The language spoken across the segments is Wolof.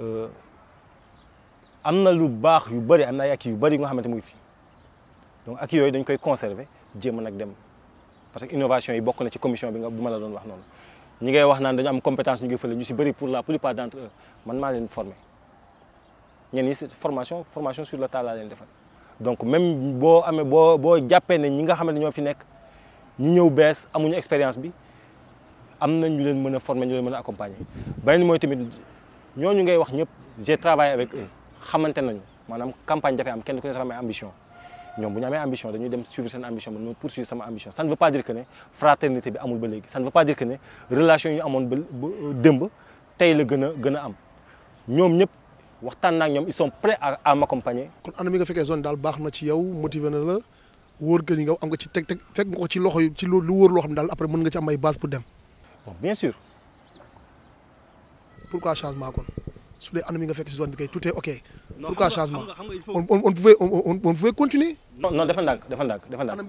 Euh, am na lu baax yu bari amna na ay yu bari nga xamanteni mu fi donc ak yooyu dañ koy conserver jéem nak dem parce que innovation yi bokk na ci commission bi nga bu la doon wax non ñi ngay wax naan dañu am compétence ñu ngi ñu ci bari pour la plupart d'entre eux man ma leen formé ñenn ñi formation formation sur le tas leen defal donc même bo amé bo bo jappé né ñi nga xamanteni ñoo fi nekk ñu ñëw amuñu expérience bi am na ñu leen mëna former ñu leen mën accompagner beneen moy tamit ñooñu ngay wax ñëpp j'ai travaillé avec eux xamante nañu maanaam campagne dafay am kenn ku ne dafa ambition ñoom bu ñu amee ambition dañuy dem suivre seen ambition man ma poursuivre sama ambition ça ne veut pas dire que ne fraternité bi amul ba léegi ça ne veut pas dire que ne relation yi ñu amoon ba démb tey la gën a gën a am ñoom ñëpp waxtaan naa ak ñoom ils sont prêts à à m'accompagner. kon anam yi nga fekkee zone daal baax na ci yow motivé na la wóor que ni nga am nga ci teg teg fekk nga ko ci loxo yi ci lu wóor loo xam daal après mën nga ci am ay base pour dem. bon bien sûr pourquoi changement kon su dee anam yi nga fekk si zone bi kay tout est ok. pourquoi changement on on on, pouvait on on pouvait continuer. non non dafa ndànk dafa ndànk dafa ndànk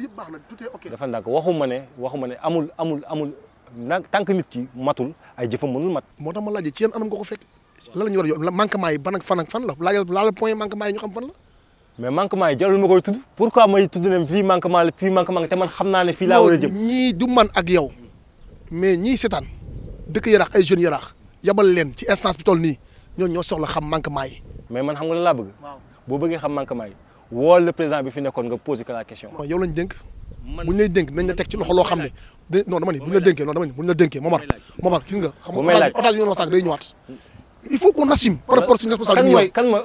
tout est ok. dafa ndànk waxuma ne waxuma ne amul amul amul na nit ki matul ay jëfë mënul mat. moo tax ma ci yeen anam nga ko fek. lan la ñu war a yóbbu manquement yi ban ak fan ak fan la La laal point manquement yi ñu xam fan la. mais manquement yi jarul ma koy tudd. pourquoi may tudd ne fi manquement la fi manquement la te man xam naa ne fii laa war a jëm. ñii du man ak yow mais ñii seetaan dëkk yaraax ay jeunes yaraax yabal leen ci instance bi toll nii ñooñu ñoo soxla xam manquement yi. mais man xam nga la laa bëgg. waaw xam manquement yi wool le président bi fi nekkoon nga posé ko la question. non yow lañ dénk bu ñu loo xam ne de non dama ni bu ñu xam nga otage bi ñu doon il faut qu'on assume par rapport suñu responsable. kan mooy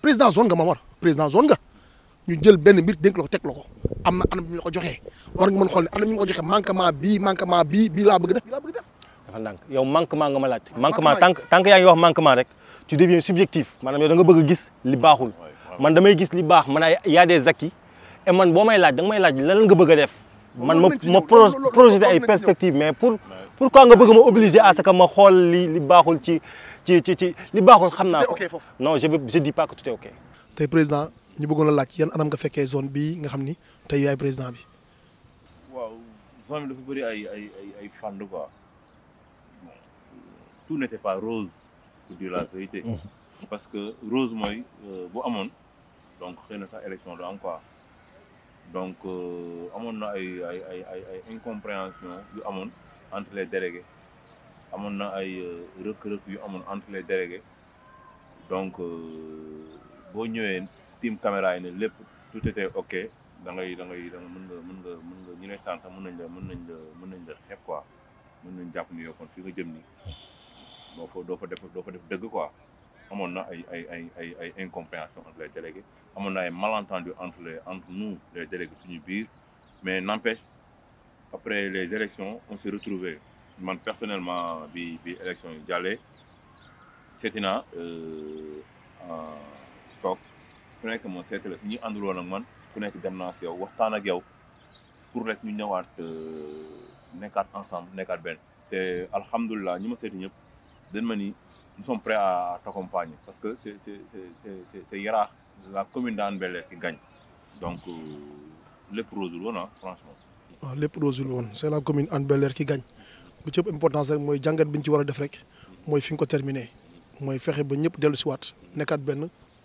président zone nga nga ñu jël benn mbir dénk la ko teg la ko am na anam ñu ko joxee war nga mën xool ne anam ñu ko joxee manquement bi manquement bi bi la bëgg def dafa ndànk yow manquement nga ma laaj manquement tank tank ya yaa ngi wax manquement rek tu deviens subjectif manam yow da nga bëgg gis li baxul man damay gis li bax man y a des acquis et man bo may laaj da nga may laaj lan nga bëgg def man ma ma projeté ay perspectives mais pour pourquoi nga bëgg ma obliger à ce que ma xool li li baxul ci ci ci li baxul xamna non je je dis pas que tout est ok tey président anam nga zone bi président bi. waaw zone dafa ay ay ay quoi tout n'était pas rose pour dire la vérité. Mm-hmm. parce que rose mooy euh, bu amone donc rien donc euh, ay ay incompréhension entre les délégués Il ay euh, entre les délégués donc bo ñëwé tiim caméra yi ne lépp tout était ok da ngay da ngay da nga mën nga mën nga mën nga ñu lay sant mën nañ la mën nañ la mën nañ la xeeb quoi mën nañ jàpp ni yow kon fi nga jëm ni doo fa doo fa def doo fa def dëgg quoi amoon na ay ay ay ay ay incompréhension entre les délégués amoon na ay malentendu entre les entre nous les délégués suñu biir mais n'empêche après les élections on s'est retrouvé man personnellement bi bi élection yi jàllee seeti naa euh, toog ku nekk moo seetlu la si ñi àndul woon ak man ku nekk dem naa si yow waxtaan ak yow pour rek ñu ñëwaat euh, nekkaat ensemble nekkaat benn. te alhamdulilah ñi ma seeti ñëpp dañ ma ni nous sommes prêts parce que c'est Yaraax la commune de Hann Bel-Air donc euh, lépp rosul woon ah franchement. waaw lépp rosul woon c'est la commune Hann Bel-Air qui gagne bu ci ëpp importance rek mooy jàngat bi ñu ci war a def rek mooy fi nga ko terminé mooy fexe ba ñëpp dellu si waat nekkaat benn.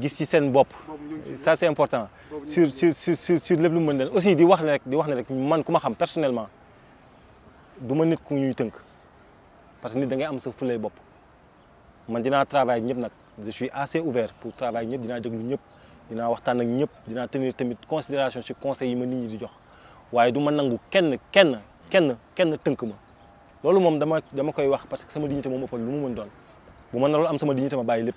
gis ci seen bopp ça c'est important sur sur sur sur sur lépp lu mën leen aussi di wax ne rek di wax ne rek man ku ma xam personnellement du ma nit ku ñuy tënk parce que nit da ngay am sa fulay bopp man dinaa travailler ñëpp nag je suis assez ouvert pour travail ñëpp dinaa déglu ñëpp dinaa waxtaan ak ñëpp dinaa tenir tamit considération ci conseil yi ma nit ñi di jox waaye du ma nangu kenn kenn kenn kenn tënk ma loolu moom dama dama koy wax parce que sama dignité moom ëppal lu mu mën doon bu ma naroon am sama dignité ma bàyyi lépp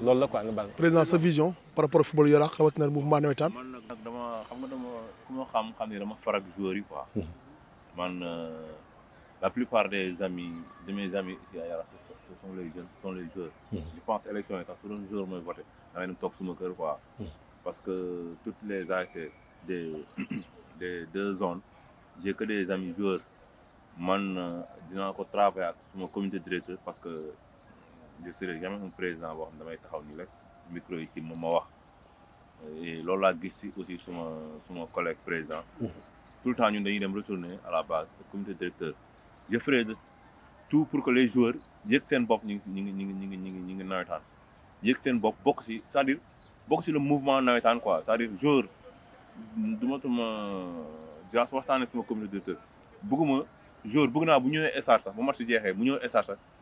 loolu la quoi nga président sa vision par rapport au football Yaraax rawatina mouvement nawetaan. man nag dama xam nga dama xam xam dama farak joueur yi quoi. Mhm. man euh, la plupart des amis de mes amis ici à ce sont les jeunes ce sont les joueurs. Mhm. je pense élection est sax su jour me mooy voté damay tok toog suma quoi. Mhm. parce que toutes les ASC des des deux zones j'ai que des amis joueurs man euh, dina ko travailler avec suma comité directeur parce que. je serai jamais un président boo xam damay taxaw nii rek micro yi ci moom ma wax loolu laa gis si aussi suma suma collègue président tout le temps ñun dañuy dem retourner à la base comité directeur je tout pour que les joueurs yëg seen bopp ñu ngi ñu ngi ñu ngi ñu ngi ñu ngi nawetaan yëg seen bopp bokk si cest dire bokk si le mouvement nawetaan quoi c'est-à-dire joueur du ma tuma jaas waxtaanee suma comité directeur bëgguma joueur bëgg naa bu ñëwee SR sax bu match jeexee bu ñëwee SR sax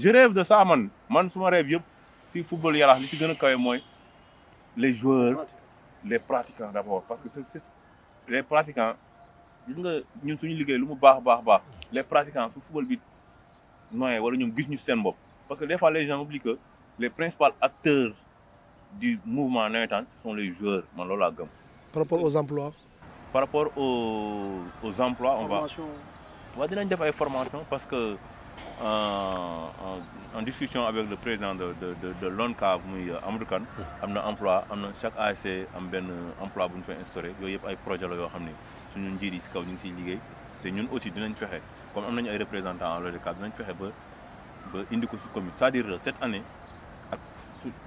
je rêve de ça man man suma rêve yëpp si football yalla li ci gëna kawé moy les joueurs les pratiquants d'abord. parce que les pratiquants gis nga ñun suñu liggéey lu mu baax baax baax les pratiquants su football bi noyé wala ñoom gis ñu sen bopp parce que des fois les gens oublient que les principaux acteurs du mouvement en navétane ce sont les joueurs man lola gëm. par rapport aux emplois. par rapport aux aux emplois on va. On va dinañ def ay formation parce que. Euh, en discussion avec le président de, de, de, de l'ONCAV muy euh, Amadou Kane emploi amna, chaque ASC am benn euh, emploi bu ñu fa instauré yooyu yëpp ay projet la yoo xam ne suñu njiit yi si kaw ñu ngi ñun aussi dinañ fexe comme am nañu ay représentants en cadre, dinañ fexe ba ba indi ko si commune c'est-à-dire cette année ak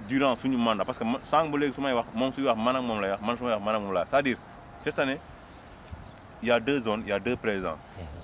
durant suñu mandat parce que sans ba léegi su may wax moom suy wax man ak moom lay wax man su wax man ak c'est-à-dire cette année il y a deux zones il y a deux présidents mmh.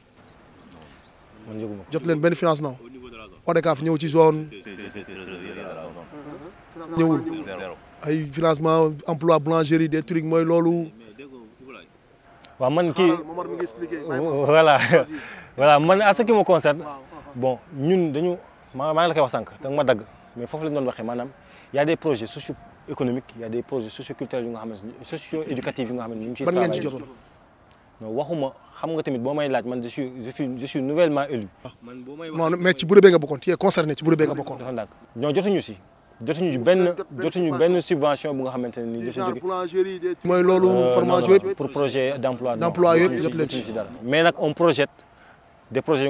jot leen benn financement ODCAV ñëw ci zone ñëwul ay financement emploi boulangerie des trucs mooy loolu. waaw man kii voilà voilà man à ce qui me concerne bon ñun dañu maa maa ngi la koy wax sànq danga ma dagg mais foofu lañ ñu doon waxee maanaam y a des projets socio économiques y a des projets socio culturels yu nga xam ne socio éducatifs yi nga xam ne ñu ngi ciy. ban ngeen ci jotoon je suis nouvellement élu. mais tu tu es concerné subvention euh, pour projet d'emploi mais on projette des projets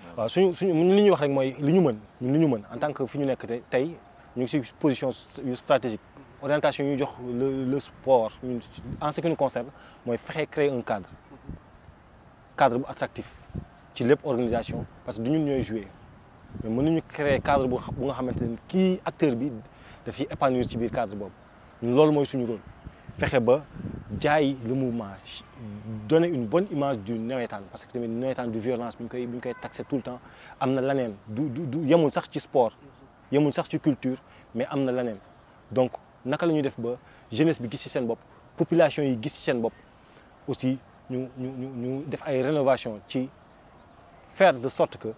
Nous suñu suñu wax rek en tant que fi ñu nekk tey ñu ngi position stratégique orientation du le sport en ce qui nous concerne nous fexe créer un cadre cadre attractif ci lépp organisation parce que nous ñun jouer mais mën nañu un cadre bu nga qui ne acteur bi dafay épanouir ci biir cadre boobu loolu mooy suñu rôle le mouvement donner une bonne image du néo-étan. parce que le étan la violence il est taxé tout le temps il y a des du du culture mais donc la jeunesse bi population aussi nous rénovation faire de sorte que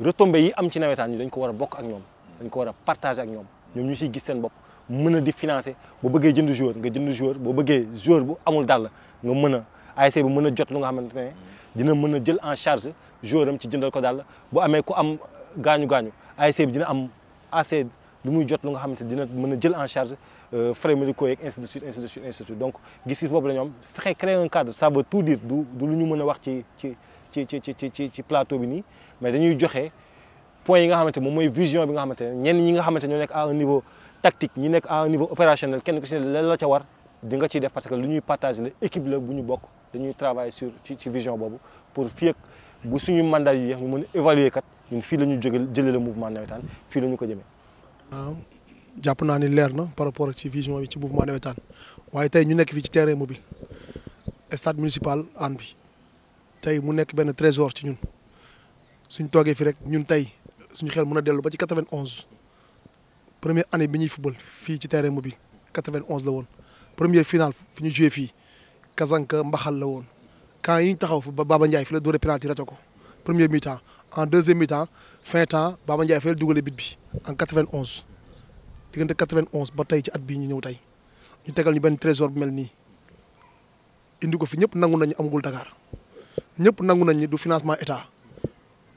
retombées yi am ci nous, avons dañ ko war a bokk ak partager financer Si bëggee jënd joueur joueur bëggee joueur bu amul nga ASC jot lu en charge joueur am ci jëndal am am assez en charge euh, frais médicaux ainsi de suite ainsi de suite donc créer un cadre ça veut tout dire du lu ci plateau mais dañuy joxé point yi nga xamanté mom moy vision bi nga xamanté ñen ñi nga xamanté ñu nek à un niveau tactique ñi nek à un niveau opérationnel kenn ku ci lan la ca war di nga ci def parce que lu ñuy partager équipe la bu ñu bokk dañuy travailler sur ci ci vision bobu pour fii bu suñu mandat yi jeex ñu évaluer kat ñun fi lañu ñu jóge le mouvement nawetaan fi lañu ko jëmee. waaw jàpp ni leer na par rapport ci vision bi ci mouvement nawetaan waye tay ñu nek fi ci terrain mobile stade municipal Hann bi tay mu nek ben trésor ci ñun. suñ toogee fi rek ñun tey suñu xel mën a dellu ba ci 91 première année bi ñuy football fii ci terrain mobile 91 la woon première finale fi ñu jouer fii Kazanka Mbaxal la woon quand yi ñu taxaw fa Baba Ndiaye fi la dóore penalty rate ko premier mi-temps en deuxième mi-temps fin temps Baba Ndiaye fi la dugalee bit bi en 91 diggante 91 ba tey ci at bii ñu ñëw tey ñu tegal ñu benn trésor bu mel nii indi ko fi ñëpp nangu nañu amagul Dakar ñëpp nangu nañu du financement état.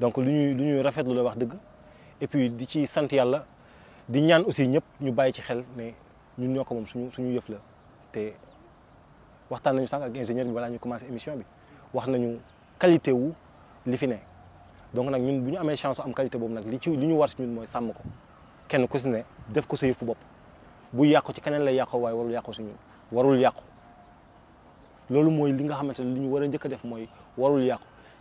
donc lu ñuy lu ñuy wax dëgg et puis di ci sant yàlla di ñaan aussi ñëpp ñu bàyyi ci xel ne ñun ñoo ko moom suñu suñu yëf la te waxtaan nañu sank ak ingénieur bi wala ñu commencé émission bi wax nañu qualité wu li fi né donc nak ñun buñu amé chance am qualité boobu nag li ci li ñu war si ñun mooy sàmm ko kenn ku si ne def ko sa yëfu bop bu yàqu ci kenen la yàqoo way warul yàqu si ñun warul yàqu lolu moy li nga xamanté ne li ñu war a def moy warul yàqu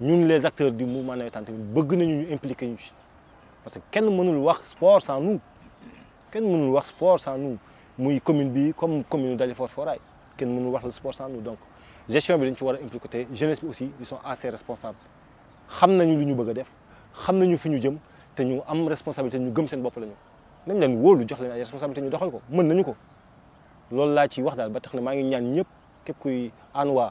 nous les acteurs du mouvement nous voulons nous impliquer. Parce que personne ne peut parler sport sans nous. Personne ne peut parler sport sans nous. Comme la commune, comme la commune d'Alifort Foray. Personne ne peut parler sport sans nous. Donc, la gestion est impliquée. Les jeunes aussi, ils sont assez responsables. Ils savent ce qu'ils veulent faire. Ils savent ce qu'ils veulent faire. Et ils ont une responsabilité. Ils ont une responsabilité. Ils ont une responsabilité. Nous ont une les Ils ont une responsabilité. C'est ce que je veux dire. Je veux que tout le monde, tout le monde,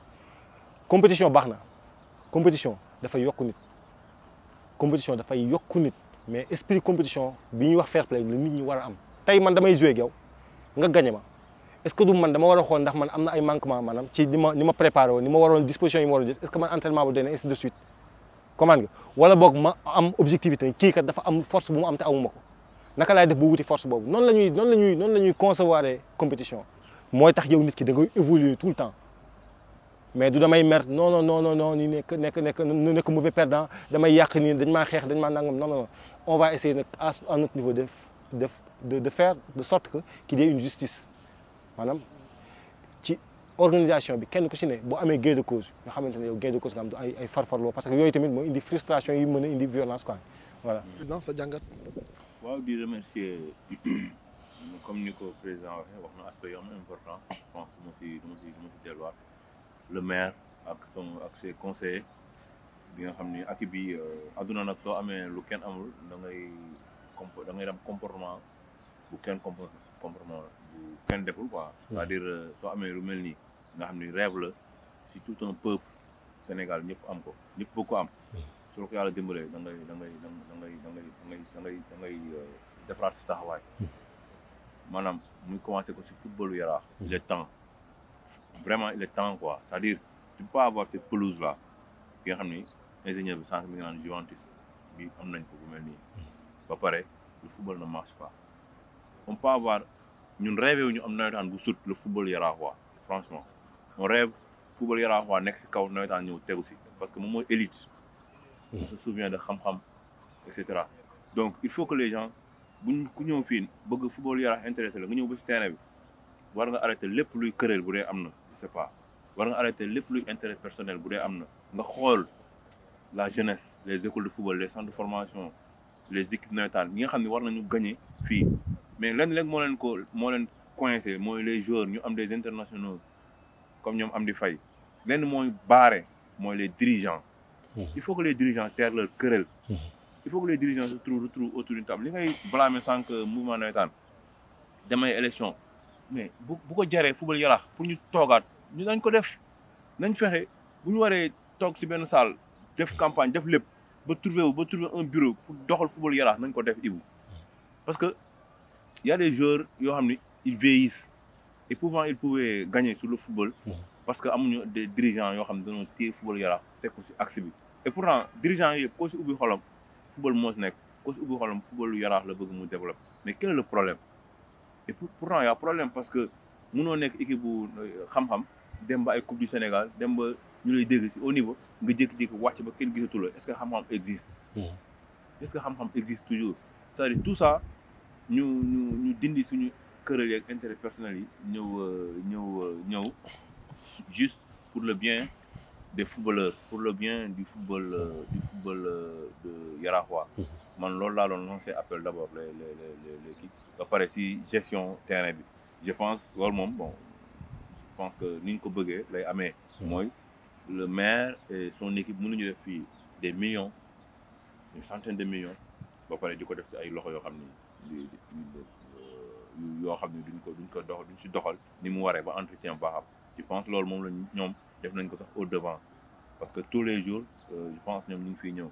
compétition baxna na compétition dafay yokku nit compétition dafay yokku nit mais esprit compétition biñu wax fair play la nit ñi wara am tay man damay jouer yow nga gagné ma est-ce que du man dama wara a ndax man amna ay manquement manam ci ni ma ni ma préparé ni ma disposition yi ma waroon est-ce que man entraînement bu doy na ainsi de suite comment nga wala bok ma am objectivité ki kii kat dafa am force bu mu am te amuma ko naka laay def bu wuti force bobu non lañuy non lañuy non lañuy noonu concevoir compétition moy tax yow nit ki da ngay évoluer tout le temps mais du damay mer non non non non ni nekk nekk nekk nu mauvais perdant damay yàq nii dañ maa xeex dañ maa nangam non non on va essayer nag à à notre niveau de de de de faire de sorte que qu'il y ait une justice maanaam ci organisation bi kenn ku ci ne boo amee gain de cause nga xamante ne yow gain de cause nga am du ay ay parce que yooyu tamit moo indi frustration yi mën a indi violence quoi voilà. président ça jangat. waaw di remercier comme ni ko président waxee wax na aspect yu am important je pense que du ma si du ma si du ma si le maire ak son ak ses conseillers bi nga xamni ak bi aduna euh, nag so amé lu kenn amul da ngay compo da ngay am comportement bu kenn compo comportement bu kenn deful quoi. Hmm. c'est-à-dire euh, so amé lu melni nga xamni rêve la ci tout un peuple Sénégal ñep am ko ñep bëgg ko am. Hmm. su ko yalla dimbalee da ngay da ngay da ngay da ngay da ngay da ngay da ngay euh, defaraat si taxawaay hmm. maanaam muy commencé ko ci football yaraax il est temps vraiment il est temps quoi c'est-à-dire tu peux avoir cette pelouse là bi nga xam ni ingénieur millions sànq Juventus qui am nañ ko bu mel nii ba pareil, le football ne marche pas on peut avoir ñun rêvé wu ñu am nawetaan bu sut le football quoi. franchement on rêve football yaraaxuwaa nekk si kaw nawetaan ñëw tegu si parce que mon mot élite on se souvient de xam-xam et donc il faut que les gens buñ ku ñëw fii le football yaraax intéressé la ils ont ba si terrain bi war nga arrêté lépp luy këreel bu sais pas war nga arrêter lépp plus intérêt personnel bu dee am na nga xool la jeunesse les écoles de football les centres de formation les équipes nationales ñi nga xam ne war nañu gagner fii mais lenn léeg moo leen ko moo leen coincé mooy les joueurs ñu am des internationaux comme ñoom am di fay lenn mooy baare mooy les dirigeants hmm. il faut que les dirigeants taire leur querelle hmm. il faut que les dirigeants se trouvent retrouvent autour d'une table li ngay blâmer que mouvement nawetaan damay élection mais bu bu ko jaree football yaraax pour ñu toogaat ñu nañ ko def nañ fexe bu ñu waree toog si benn salle def campagne def lépp ba trouver wu ba trouver un bureau pour doxal football yaraax nañ ko def Ibou parce que y a des joueurs yoo xam ne ils vieillissent et pourtant ils pouvaient gagner sur le football mmh. parce que amuñu des dirigeants yoo xam ne dañoo téye football yaraax teg ko axe bi et pourtant dirigeants yëpp koo si ubbi xolam football moo si nekk koo si ubbi xolam football yaraax la bëgg mu développe mais quel est le problème Pourtant, pour y' a un problème parce que nous une équipe bu euh, coupe du Sénégal dem ba ñu au niveau nga jékki que le ba est ce que xam-xam existe. Hmm. est ce que xam existe toujours tout ça nous ñu ñu dindi suñu intérêt personnel nous euh, euh, juste pour le bien des footballeurs pour le bien du football du football de Yaraaxwa man loolu laa doon lancé appel d' abord les les les les kii ba pare si gestion terrain bi je pense loolu moom bon je pense que ni ñu ko bëggee lay amee. Hmm. mooy le maire et son équipe mënuñu def fii des millions une centaine de millions ba pare di ko def si ay loxo yoo xam ni euh, yoo xam ni duñ ko duñ ko dox duñ si doxal ni mu waree ba entretien baaxam je pense loolu moom la ñoom def nañ ko sax au devant parce que tous les jours euh, je pense ñoom ñu ngi fiy ñëw.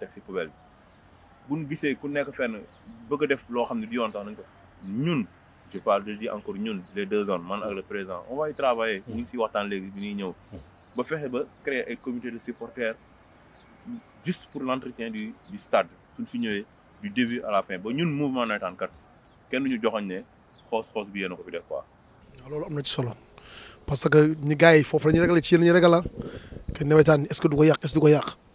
taxi si poubelle bi bu gisee ku nekk fenn bëgg def loo xam ne du yoon sax nañ ko ñun je parle de dis encore ñun les deux zones man ak le président on va y travailler. ñu ngi si waxtaan léegi bi ñuy ñëw. ba fexe ba créer ay comité de supporters juste pour l' entretien du du stade suñ fi ñëwee du début à la fin ba ñun mouvement nawetaan kat kenn ñu joxoñ ne xoos-xoos bi yéen ko fi def quoi. Alors ah, loolu am na ci solo parce que ñi gars yi foofu la ñuy réglé ci yéen la ñuy réglé ah. que nawetaan est ce que du ko yàq est ce que du ko yàq.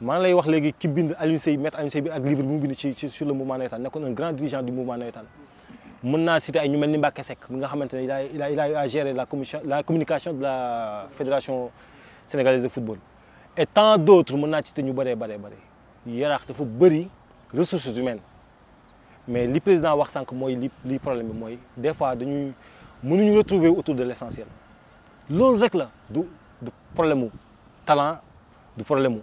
man lay wax léegi ki bind Aliou Seye maître Aliou bi ak livre mu bind ci sur le mouvement navétane nekkoon un grand dirigeant du mouvement navétane mën naa citer ay ñu melni ni Mbacké Seck mi nga xamante il a il a il a géré la commission la communication de la fédération sénégalaise de football et tant d'autres autres mën naa citer ñu bëree bëree bëri yaraax dafa bari ressources humaines mais li président wax sank moy li li problème bi mooy des fois dañuy mënuñu retrouver autour de l'essentiel. essentiel rek la du du problème talent du problème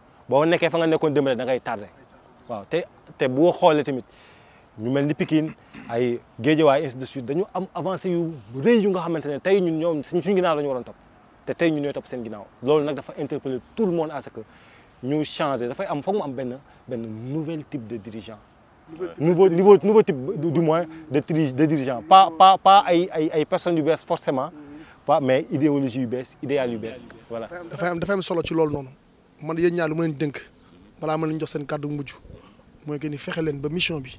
boo on fa nga nekkoon démb rek da ngay tardé waaw te te boo xoolee tamit ñu mel ni Pikine ay Guédiawaye ainsi de nous dañu am avancé yu rëy yu nga xamante ne ñun ñom suñu ginaaw la waron top té tay ñu ñoy top topp seen ginnaaw loolu dafa interpeller tout le monde à ce que ñu changé dafay am foog mu am ben ben nouvel type de dirigeant. nouveau nouveau nouveau type du moins de de dirigeant pas pas pas ay ay ay personne du bees forcément pas mais idéologie yu bees idéal yu bees voilà. dafay am dafay am solo ci loolu noonu. man yéen ñaar lu ma leen dénk balaa ma leen jox seen kàddu mujj mooy que ni fexe leen ba mission bi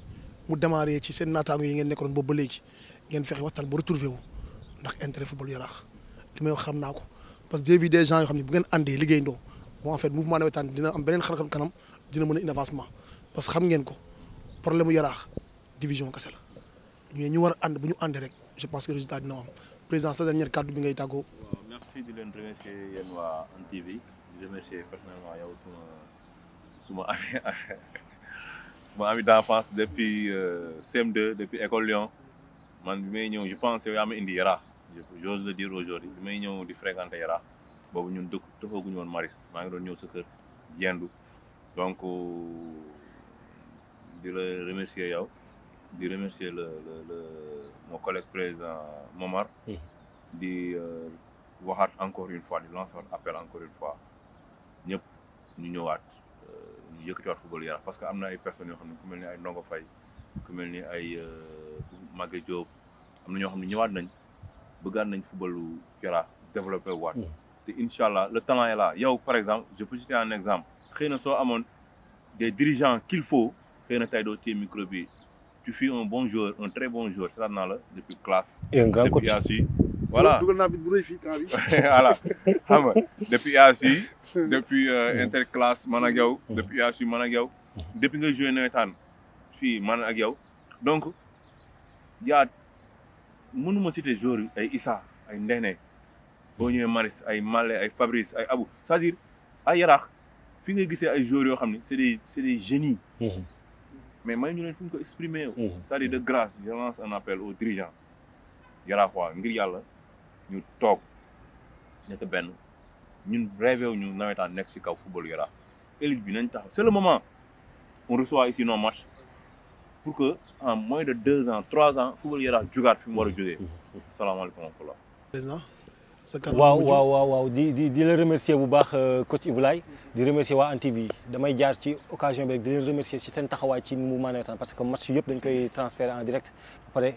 mu démarré ci seen naataango yi ngeen nekkoon boobu ba léegi ngeen fexe waxtaan ba retrouvé wu ndax intérêt football yaraax li may wax xam naa ko parce que j'ai vu des gens yoo xam ne bu ngeen àndee liggéeyandoo bon en fait mouvement nawetaan dina am beneen xar kanam dina mën a parce que xam ngeen ko problème mu yaraax division kese la ñu war a bu ñu àndee rek je pense que résultat dina am président bi ngay tàggoo. waaw di leen remercier yéen waa jeunesse personnellement yow suma suma ami suma ami d'enfance depuis eh, CM2 depuis école Lyon man bi may ñëw je pense yow yaa ma indi Yara j'ose le dire aujourd'hui bi may ñëw di fréquenter Yara bobu ñun dëkk dëkkooguñu won Maris maa ngi doon ñëw sa kër jendu donc euh, di la remercier yow di remercier le le le mon collègue président Momar hmm. di euh, waxaat encore une fois di lancer appel encore une fois ñu ñëwaat ñu euh, yëkkatiwaat football Yaraax parce que am na ay personnes yoo xam ne ku mel ni ay Ndongo fay ku mel ni ay euh, Maguette Diop am na ñoo xam ne ñëwaat nañ bëggaat nañ footballu Yaraax développé waat. Mm. te incha allah le talent est là yow par exemple je peux citer un exemple. xëy na soo amoon des dirigeants qu'il faut xëy na tey doo téye micro bi tu fis un bon joueur un très bon joueur seetaan naa la depuis classe. et un grand coach voilà on naa bés bu rëy fii voilà depuis nga depuis euh, mm-hmm. Interclass yi. depuis interclasse man depuis âge yi man ak mm-hmm. mm-hmm. depuis nga joué nawetaan fii man ak yow. donc yaa mënuma citer joueur yi ay Issa ay Ndene boo ñëwee Maris ay Malé ay Fabrice ay Abou c'est-à-dire ay Yaraax fi nga gisee ay joueurs yoo xam c'est des c'est des génies. mais may ñu leen fu ko exprimer. c'est-à-dire de grâce je lance un appel aux dirigeants yaraaxwaa ngir yàlla ñu toog nekk benn ñun rêvé ñu nawetaan nekk si kaw football Yarax élite bi nañ taxaw c'est le moment on reçoit ici nos matchs pour que en moins de deux ans trois ans football Yarax jugaat fi mu war a jógee salaamaaleykum wa rahmatulah. président sa kàddu waaw waaw waaw waaw di di di la remercier bu baax euh, coach Iboulaye di remercier waa Antib yi damay jaar ci occasion bi rek di leen remercier ci seen taxawaay ci mu nawetaan parce que match yëpp dañ koy transférer en direct après.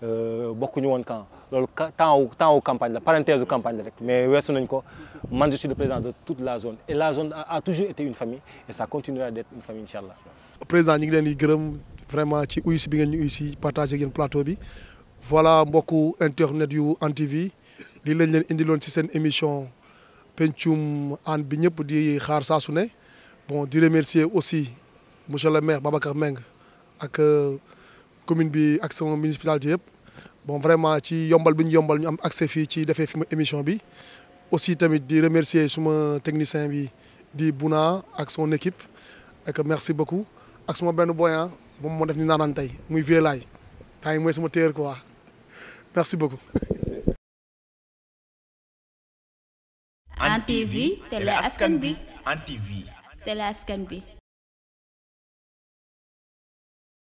Euh, beaucoup de camp tant temps wu campagne la parenthèse campagne la mais weesu nañ ko man je suis le président de toute la zone et la zone a toujours été une famille et ça continuera d'être une famille Inch'Allah. président ñu ngi vraiment ci uyu si bi ngeen ñu uyu si ak plateau bi voilà beaucoup internet yu Hann TV lii lañ leen une ci émission Pentium en bi pour di xaar saa su bon dire merci aussi monsieur le maire Babacar Meng ak. Euh, commune bi ak sama municipalité yëpp bon vraiment ci yombal bi ñu yombal ñu am accès fii ci defee fi ma émission bi aussi tamit di remercier suma technicien bi di Bouna ak son équipe ak merci beaucoup ak suma benn boyan ah, moom moo def ni naanaan tey muy vieux laay temps yi mooy suma téer quoi merci beaucoup Antv, TV télé askan bi Antv, TV télé askan bi